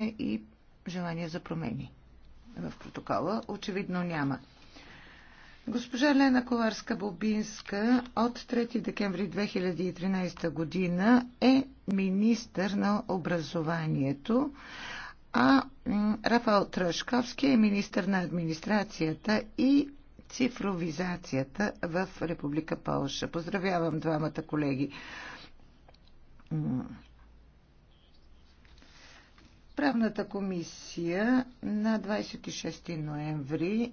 Е и желание за промени в протокола? Очевидно няма. Госпожа Лена Коларска-Бобинска от 3 декември 2013 година е министър на образованието, а Рафал Трашковски е министър на администрацията и цифровизацията в Република Полша. Поздравявам двамата колеги. Правната комисия на 26 ноември